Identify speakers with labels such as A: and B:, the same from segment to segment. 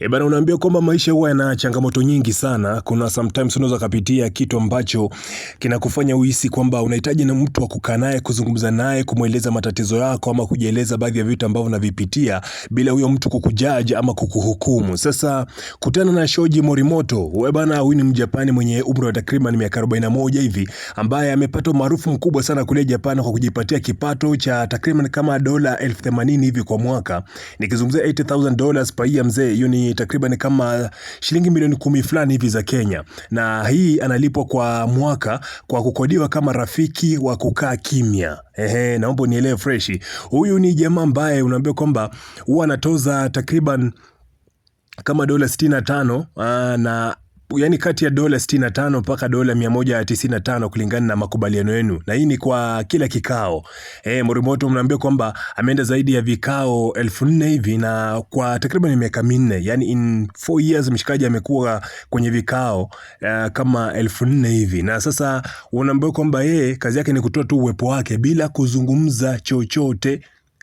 A: E bana, unaambia kwamba maisha huwa yana changamoto nyingi sana. Kuna sometimes unaweza kupitia kitu ambacho kinakufanya uhisi kwamba unahitaji na mtu wa kukaa naye, kuzungumza naye, kumweleza matatizo yako ama kujieleza baadhi ya vitu ambavyo unavipitia bila huyo mtu kukujaji ama kukuhukumu. Sasa kutana na Shoji Morimoto. Wewe bana, huyu ni Mjapani mwenye umri wa takriban miaka 41 hivi ambaye amepata maarufu mkubwa sana kule Japan kwa kujipatia kipato cha takriban kama dola 80,000 hivi kwa mwaka. Nikizungumzia 80,000 dollars pa year mzee, hiyo ni takriban kama shilingi milioni kumi fulani hivi za Kenya, na hii analipwa kwa mwaka kwa kukodiwa kama rafiki wa kukaa kimya. Ehe, naomba unielewe freshi. Huyu ni jamaa ambaye unaambia kwamba huwa anatoza takriban kama dola 65 na ah, yani kati ya dola 65 mpaka dola 195 kulingana na makubaliano yenu, na hii ni kwa kila kikao. E, Morimoto mnaambia kwamba ameenda zaidi ya vikao elfu nne hivi na kwa takriban miaka minne, yani in 4 years mshikaji amekuwa kwenye vikao uh, kama elfu nne hivi, na sasa unaambia kwamba yeye kazi yake ni kutoa tu uwepo wake bila kuzungumza chochote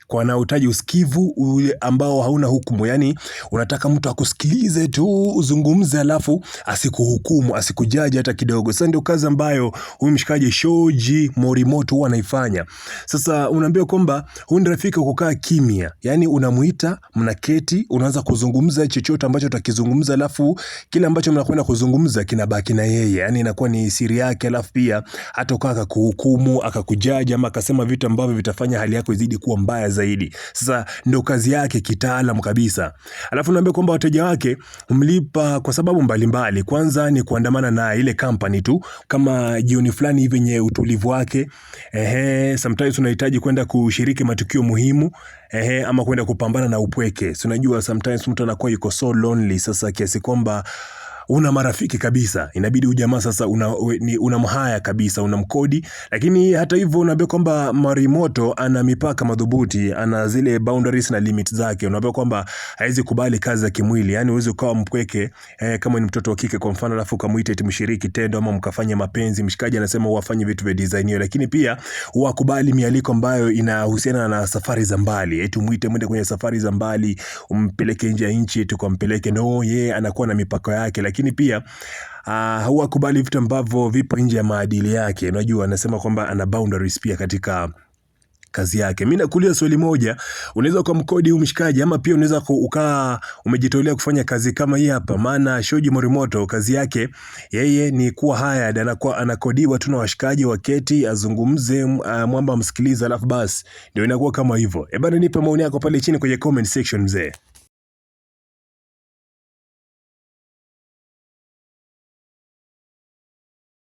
A: kwa wanaohitaji usikivu ule ambao hauna hukumu. Yani unataka mtu akusikilize tu, uzungumze, alafu asikuhukumu, asikujaji hata kidogo. Sasa ndio kazi ambayo huyu mshikaji Shoji Morimoto huwa anaifanya. Sasa unaambia kwamba huyu ni rafiki wa kukaa kimya, yani unamuita, mnaketi, unaanza kuzungumza chochote ambacho utakizungumza, alafu kile ambacho mnakwenda kuzungumza kinabaki na yeye, yani inakuwa ni siri yake, alafu pia hata ukaa akakuhukumu akakujaji, ama akasema vitu ambavyo vitafanya hali yako izidi kuwa mbaya zaidi. Sasa ndio kazi yake kitaalam kabisa. Alafu naambia kwamba wateja wake mlipa kwa sababu mbalimbali mbali. Kwanza ni kuandamana na ile company tu kama jioni fulani hivi yenye utulivu wake. Ehe, sometimes unahitaji kwenda kushiriki matukio muhimu. Ehe, ama kwenda kupambana na upweke. Si unajua sometimes mtu anakuwa yuko so lonely sasa kiasi kwamba una marafiki kabisa, inabidi ujamaa sasa unamhaya una mhaya kabisa, una mkodi. Lakini hata hivyo unaambia kwamba Marimoto ana mipaka madhubuti, ana zile boundaries na limits zake. Unaambia kwamba haizi kubali kazi za kimwili, yani uweze ukawa mpweke eh, kama ni mtoto wa kike kwa mfano, alafu ukamuita eti mshiriki tendo ama mkafanya mapenzi. Mshikaji anasema uwafanye vitu vya design hiyo, lakini pia uwakubali mialiko ambayo inahusiana na safari za mbali, eti umuite mwende kwenye safari za mbali, umpeleke nje ya nchi, eti ukampeleke no, yeye anakuwa na mipaka yake lakini pia uh, huwakubali vitu ambavyo vipo nje ya maadili yake. Unajua, anasema kwamba ana boundaries pia katika kazi yake. Mimi nakuuliza swali moja, unaweza ukamkodi huyu mshikaji ama pia unaweza ukaa umejitolea kufanya kazi kama hii hapa? Maana Shoji Morimoto kazi yake yeye ni kuwa haya, anakuwa anakodiwa tu na washikaji waketi, azungumze, uh, mwamba amsikilize, alafu basi ndio inakuwa kama hivyo. Eh bana, nipe maoni yako pale chini kwenye comment section mzee.